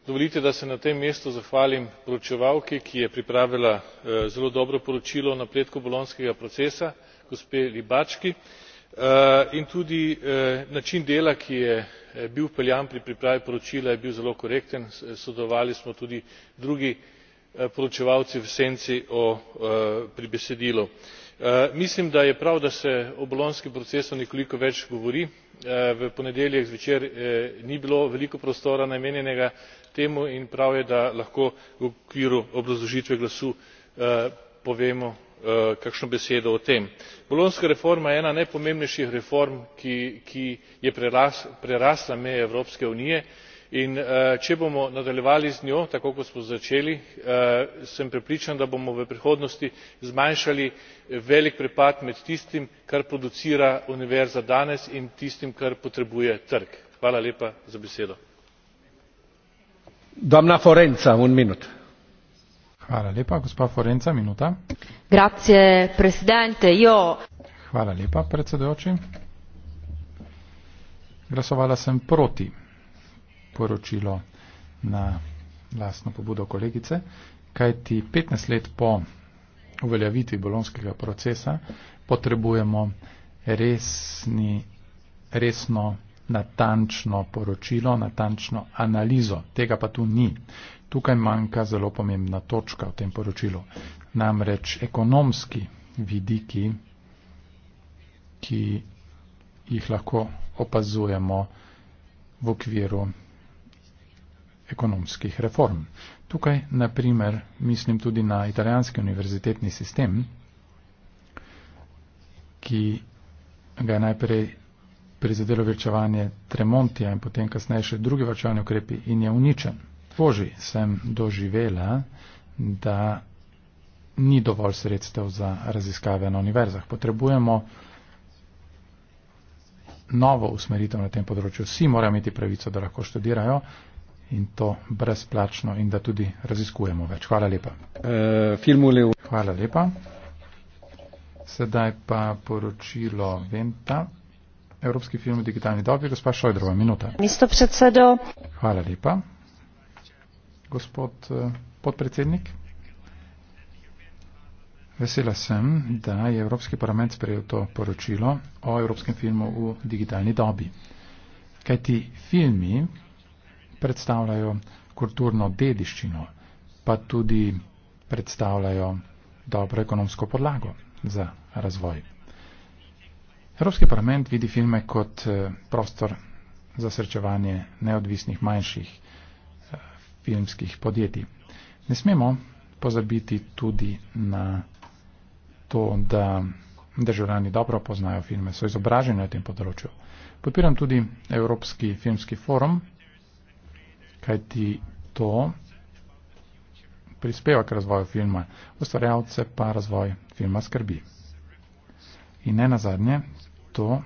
Dovolite, da se na tem mestu zahvalim poročevalki, ki je pripravila eh, zelo dobro poročilo o napredku bolonskega procesa gospe ybacki eh, in tudi eh, način dela ki je eh, bil vpeljan pri pripravi poročila je bil zelo korekten sodelovali smo tudi drugi poročevalci v senci pri besedilu. mislim da je prav da se o bolonjskem procesu nekoliko več govori. v ponedeljek zvečer ni bilo veliko prostora namenjenega temu in prav je da lahko v okviru obrazložitve glasu povemo Eh, kakšno besedo o tem. bolonjska reforma je ena najpomembnejših reform ki je prerasla meje evropske unije in eh, če bomo nadaljevali z njo tako kot smo začeli eh, sem prepričan da bomo v prihodnosti zmanjšali velik prepad med tistim kar producira univerza danes in tistim kar potrebuje trg. Hvala lepa, gospa Forenca, minuta. Grazie, presidente, io. Hvala lepa, predsedujoči. Glasovala sem proti poročilo na lastno pobudo kolegice, kajti 15 let po uveljavitvi bolonskega procesa potrebujemo resni, resno, natančno poročilo, natančno analizo. Tega pa tu ni. Tukaj manjka zelo pomembna točka v tem poročilu. Namreč ekonomski vidiki, ki jih lahko opazujemo v okviru ekonomskih reform. Tukaj, na primer, mislim tudi na italijanski univerzitetni sistem, ki ga je najprej prizadelo vrčevanje Tremontija in potem kasneje še drugi vrčevanje ukrepi in je uničen. Boži sem doživela, da ni dovolj sredstev za raziskave na univerzah. Potrebujemo novo usmeritev na tem področju. Vsi morajo imeti pravico, da lahko študirajo in to brezplačno in da tudi raziskujemo več. Hvala lepa. E, Hvala lepa. Sedaj pa poročilo Venta. Evropski film v digitalni dobi, gospa Šojdrova, minuta. Mesto predsedo. Hvala lepa gospod eh, podpredsednik. Vesela sem, da je Evropski parlament sprejel to poročilo o evropskem filmu v digitalni dobi. Kaj ti filmi predstavljajo kulturno dediščino, pa tudi predstavljajo dobro ekonomsko podlago za razvoj. Evropski parlament vidi filme kot eh, prostor za srečevanje neodvisnih manjših filmskih podjetij. Ne smemo pozabiti tudi na to, da državljani dobro poznajo filme, so izobraženi na tem področju. Podpiram tudi Evropski filmski forum, kajti to prispeva k razvoju filma, ustvarjalce pa razvoj filma skrbi. In ne nazadnje, to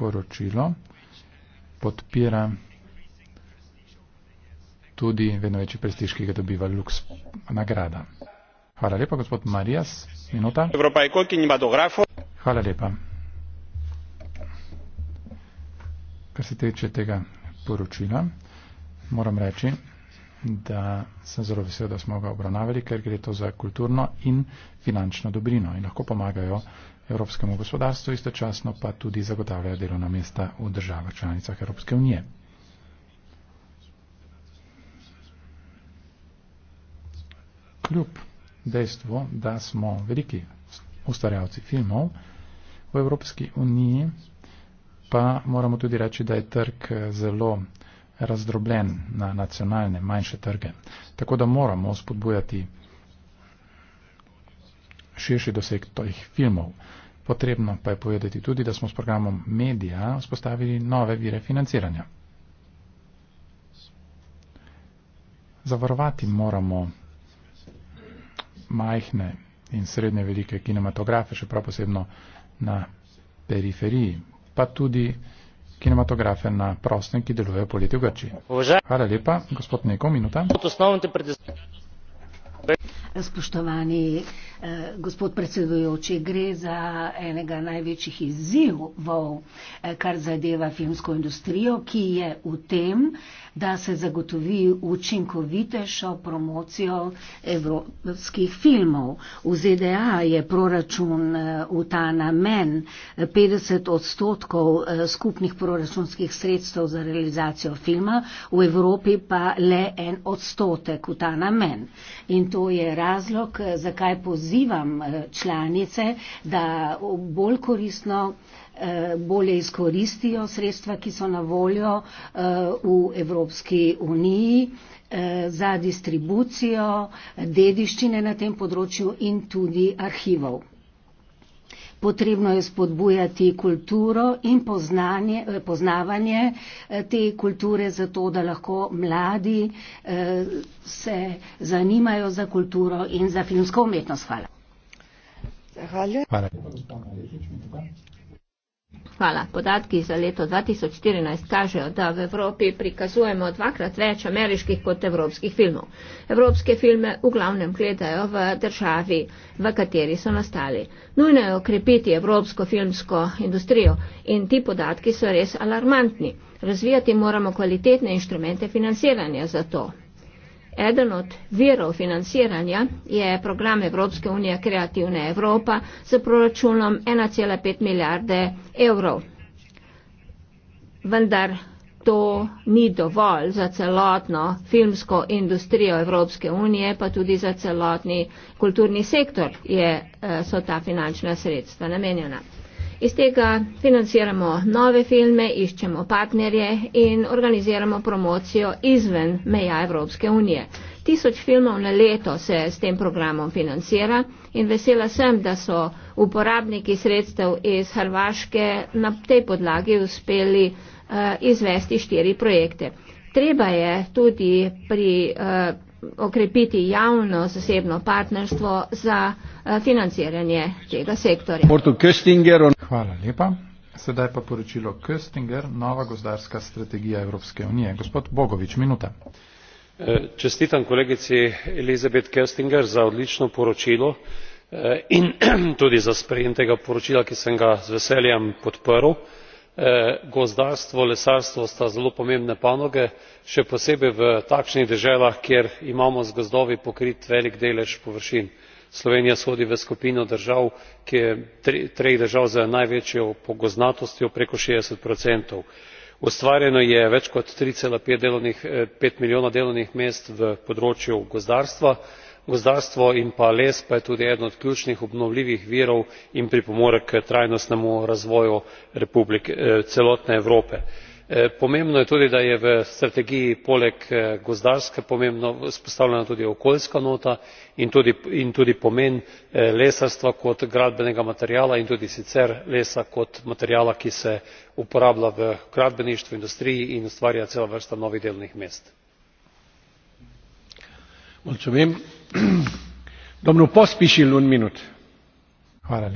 poročilo podpira tudi vedno večji prestiž, ki ga dobiva Lux nagrada. Hvala lepa, gospod Marijas. Minuta. Hvala lepa. Kar se tiče tega poročila, moram reči, da sem zelo vesel, da smo ga obravnavali, ker gre to za kulturno in finančno dobrino in lahko pomagajo evropskemu gospodarstvu, istočasno pa tudi zagotavljajo delovna mesta v državah članicah Evropske unije. kljub dejstvu, da smo veliki ustvarjalci filmov v Evropski uniji, pa moramo tudi reči, da je trg eh, zelo razdrobljen na nacionalne manjše trge. Tako da moramo spodbujati širši doseg tojih filmov. Potrebno pa je povedati tudi, da smo s programom Media spostavili nove vire financiranja. Zavarovati moramo majhne in srednje velike kinematografe, še prav posebno na periferiji, pa tudi kinematografe na prostem, ki delujejo poleti v Grči. Hvala lepa, gospod Neko, minuta. Spoštovani Eh, gospod predsedujoči, gre za enega največjih izzivov, eh, kar zadeva filmsko industrijo, ki je v tem, da se zagotovi učinkovitejšo promocijo evropskih filmov. V ZDA je proračun eh, v ta namen 50 odstotkov skupnih proračunskih sredstev za realizacijo filma, v Evropi pa le en odstotek v ta namen. In to je razlog, zakaj pozivamo pozivam eh, članice, da bolj koristno eh, bolje izkoristijo sredstva, ki so na voljo eh, v Evropski uniji za distribucijo dediščine na tem področju in tudi arhivov potrebno je spodbujati kulturo in poznanje, eh, poznavanje eh, te kulture, zato da lahko mladi eh, se zanimajo za kulturo in za filmsko umetnost. Hvala. Zahvaljujem. Hvala. Hvala. Podatki za leto 2014 kažejo, da v Evropi prikazujemo dvakrat več ameriških kot evropskih filmov. Evropske filme v glavnem gledajo v državi, v kateri so nastali. Nujno je okrepiti evropsko filmsko industrijo in ti podatki so res alarmantni. Razvijati moramo kvalitetne inštrumente financiranja za to. Eden od virov financiranja je program Evropske unije Kreativna Evropa z proračunom 1,5 milijarde evrov. Vendar to ni dovolj za celotno filmsko industrijo Evropske unije, pa tudi za celotni kulturni sektor je, eh, so ta finančna sredstva namenjena. Iz tega financiramo nove filme, iščemo partnerje in organiziramo promocijo izven meja Evropske unije. Tisoč filmov na leto se s tem programom financira in vesela sem, da so uporabniki sredstev iz Hrvaške na tej podlagi uspeli uh, izvesti štiri projekte. Treba je tudi pri uh, okrepiti javno zasebno partnerstvo za eh, financiranje tega sektorja. Hvala lepa. Sedaj pa poročilo Köstinger, nova gozdarska strategija Evropske unije. Gospod Bogovič, minuta. Eh, čestitam kolegici Elizabet Köstinger za odlično poročilo eh, in tudi za sprejem tega poročila, ki sem ga z veseljem podprl. Eh, gozdarstvo lesarstvo sta zelo pomembne panoge še posebej v takšnih deželah kjer imamo z gozdovi pokrit velik delež površin. slovenija sodi v skupino držav treh držav z največjo pogozdnatostjo preko šestdeset ustvarjeno je več kot tri pet delovnih eh, pet milijona delovnih mest v področju gozdarstva gozdarstvo in pa les pa je tudi eden od ključnih obnovljivih virov in pripomore k trajnostnemu razvoju eh, celotne evrope. Eh, pomembno je tudi da je v strategiji poleg eh, gozdarske pomembno vzpostavljena tudi okoljska nota in tudi pomen lesarstva kot gradbenega materiala in tudi sicer lesa kot materiala ki se uporablja v gradbeništvu industriji in ustvarja cela vrsta novih delovnih mest. Ja.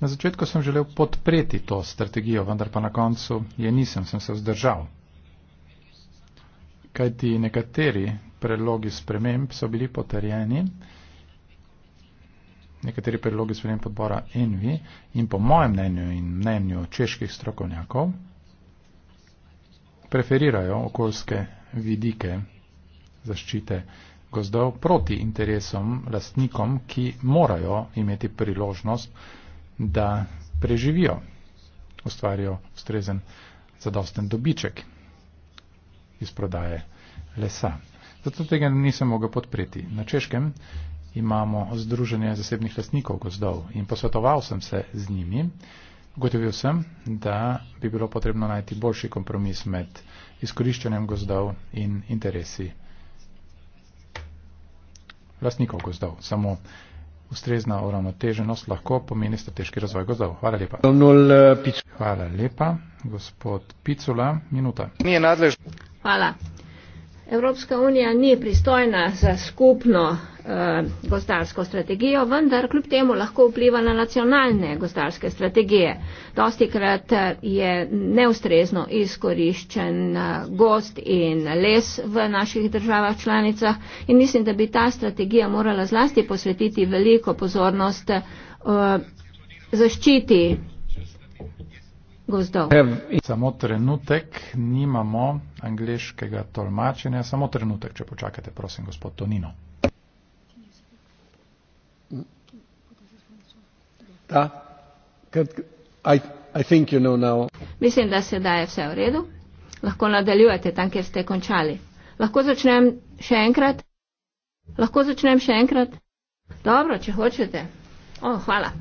na začetku sem želel podpreti to strategijo, vendar pa na koncu je nisem, sem se vzdržal. Kajti nekateri predlogi sprememb so bili potrjeni, nekateri predlogi sprememb podbora ENVI in po mojem mnenju in mnenju čeških strokovnjakov, preferirajo okoljske vidike zaščite gozdov proti interesom lastnikom, ki morajo imeti priložnost, da preživijo, ustvarijo ustrezen zadosten dobiček iz prodaje lesa. Zato tega nisem mogel podpreti. Na Češkem imamo Združenje zasebnih lastnikov gozdov in posvetoval sem se z njimi. Ugotovil sem, da bi bilo potrebno najti boljši kompromis med izkoriščanjem gozdov in interesi lastnikov gozdov. Samo ustrezna uravnoteženost lahko pomeni strateški razvoj gozdov. Hvala lepa. Hvala lepa, gospod Picula. Minuta. Hvala. Evropska unija ni pristojna za skupno eh, gospodarsko strategijo, vendar kljub temu lahko vpliva na nacionalne gospodarske strategije. Dosti krat eh, je neustrezno izkoriščen eh, gost in les v naših državah članicah in mislim, da bi ta strategija morala zlasti posvetiti veliko pozornost eh, zaščiti gozdov. Samo trenutek nimamo angliškega tolmačenja. Samo trenutek, če počakate, prosim, gospod Tonino. Da. I, I think you know now. Mislim, da se daje vse v redu. Lahko nadaljujete tam, kjer ste končali. Lahko začnem še enkrat? Lahko začnem še enkrat? Dobro, če hočete. O, hvala.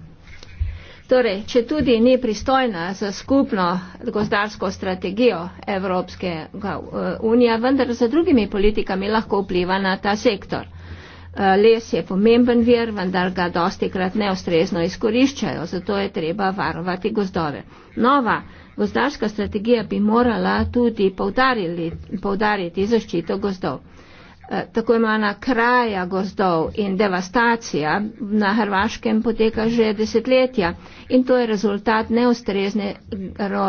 Torej, če tudi ni pristojna za skupno gozdarsko strategijo Evropske eh, unije, vendar za drugimi politikami lahko vpliva na ta sektor. Eh, les je pomemben vir, vendar ga dostikrat neustrezno izkoriščajo, zato je treba varovati gozdove. Nova gozdarska strategija bi morala tudi poudariti zaščito gozdov. Eh, tako imena kraja gozdov in devastacija na Hrvaškem poteka že desetletja in to je rezultat neustrezne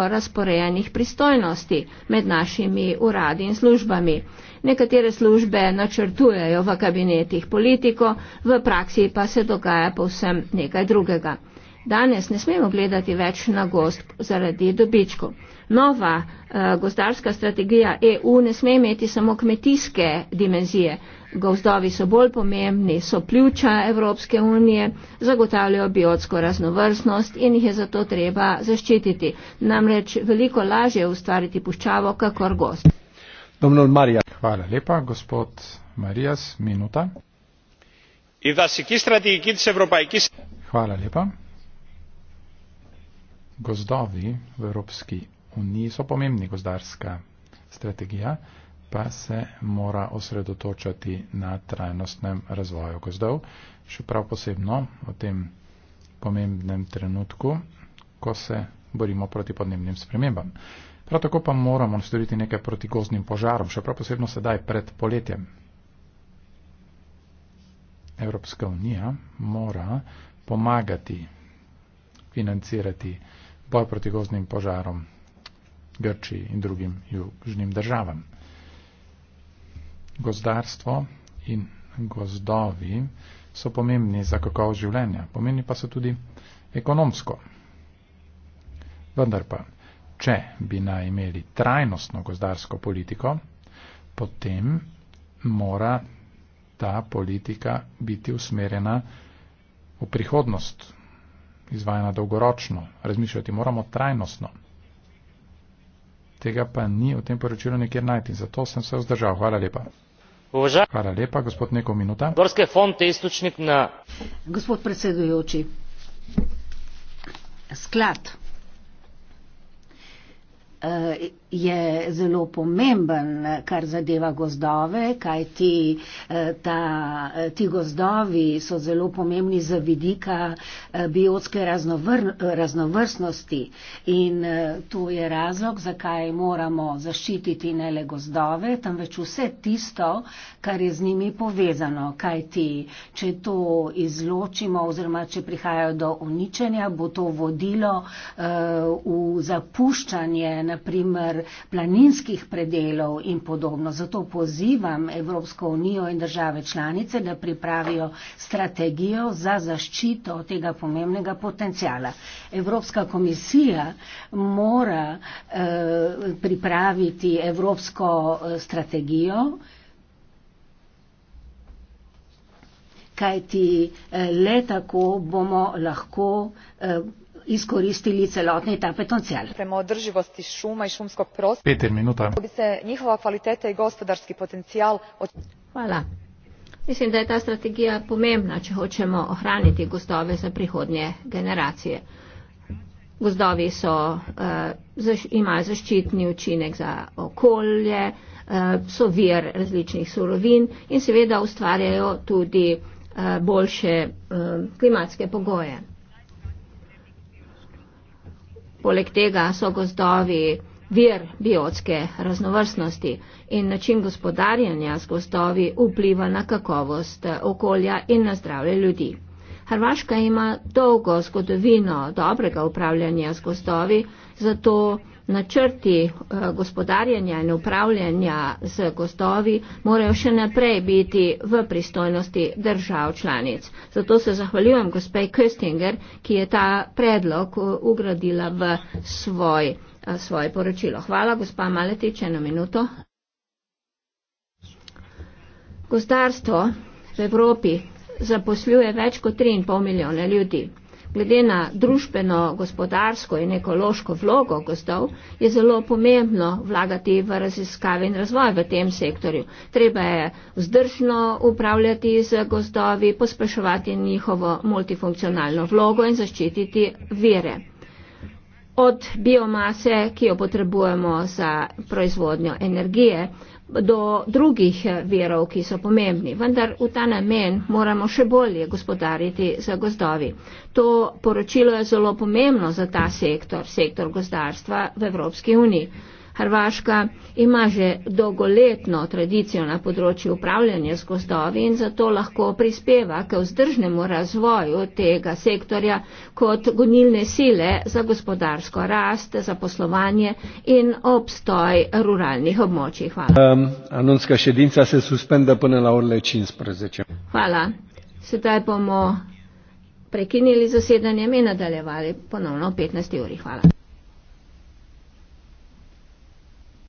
razporejenih pristojnosti med našimi uradi in službami. Nekatere službe načrtujejo v kabinetih politiko, v praksi pa se dogaja povsem nekaj drugega. Danes ne smemo gledati več na gost zaradi dobičkov nova uh, gozdarska strategija EU ne sme imeti samo kmetijske dimenzije. Gozdovi so bolj pomembni, so pljuča Evropske unije, zagotavljajo biotsko raznovrstnost in jih je zato treba zaščititi. Namreč veliko lažje je ustvariti puščavo, kakor gost. Hvala lepa, gospod Marijas, minuta. Hvala lepa. Gozdovi v Evropski niso pomembni gozdarska strategija, pa se mora osredotočati na trajnostnem razvoju gozdov, še prav posebno v tem pomembnem trenutku, ko se borimo proti podnebnim spremembam. Prav tako pa moramo storiti nekaj proti gozdnim požarom, še prav posebno sedaj pred poletjem. Evropska unija mora pomagati financirati boj proti gozdnim požarom Grčiji in drugim južnim državam. Gozdarstvo in gozdovi so pomembni za kakov življenja, pomembni pa so tudi ekonomsko. Vendar pa, če bi naj imeli trajnostno gozdarsko politiko, potem mora ta politika biti usmerjena v prihodnost, izvajena dolgoročno, razmišljati moramo trajnostno. Tega pa ni v tem poročilu nikjer najti, zato sem se vzdržal. Hvala lepa. Uža. Hvala lepa, gospod Neko Minuta. Gorske fonte istočnik na. Gospod predsedujoči, sklad. Eh, je zelo pomemben, kar zadeva gozdove, kaj ti, eh, ta, eh, ti gozdovi so zelo pomembni za vidika eh, biotske raznovr, raznovrstnosti in to je razlog, zakaj moramo zaščititi ne le gozdove, temveč vse tisto, kar je z njimi povezano, kaj ti, če to izločimo oziroma če prihajajo do uničenja, bo to vodilo uh, v zapuščanje, naprimer, planinskih predelov in podobno. Zato pozivam Evropsko unijo in države članice, da pripravijo strategijo za zaščito tega pomembnega potencijala. Evropska komisija mora eh, pripraviti evropsko eh, strategijo, kajti eh, le tako bomo lahko eh, iskoristili celotni ta potencijal. prema odrivosti uma i umskog prostora kako bi se njihova kvaliteta i gospodarski potencijal mislim da je ta strategija pomembna če hočemo ohraniti gozdove za prihodnje generacije. gozdovi so eh, imajo zaščitni učinek za okolje eh, so vir različnih surovin in seveda ustvarjajo tudi eh, boljše klimatske pogoje. Poleg tega so gozdovi vir biotske raznovrstnosti in način gospodarjanja z gozdovi vpliva na kakovost okolja in na zdravje ljudi. Hrvaška ima dolgo zgodovino dobrega upravljanja z gozdovi, zato načrti eh, gospodarjenja in upravljanja z gozdovi morajo še naprej biti v pristojnosti držav članic. Zato se zahvaljujem gospej Köstinger, ki je ta predlog eh, ugradila v svoj, eh, svoje poročilo. Hvala, gospa Maletič, eno minuto. Gozdarstvo v Evropi zaposluje več kot 3,5 milijona ljudi glede na družbeno, gospodarsko in ekološko vlogo gozdov, je zelo pomembno vlagati v raziskave in razvoj v tem sektorju. Treba je vzdržno upravljati z gozdovi, pospeševati njihovo multifunkcionalno vlogo in zaščititi vire. Od biomase, ki jo potrebujemo za proizvodnjo energije, do drugih eh, verov, ki so pomembni. Vendar v ta namen moramo še bolje gospodariti za gozdovi. To poročilo je zelo pomembno za ta sektor, sektor gozdarstva v Evropski uniji. Hrvaška ima že dolgoletno tradicijo na področju upravljanja z gozdovi in zato lahko prispeva k vzdržnemu razvoju tega sektorja kot gonilne sile za gospodarsko rast, za poslovanje in obstoj ruralnih območij. Hvala. Um, Hvala. Sedaj bomo prekinili zasedanje in nadaljevali ponovno o 15. uri. Hvala.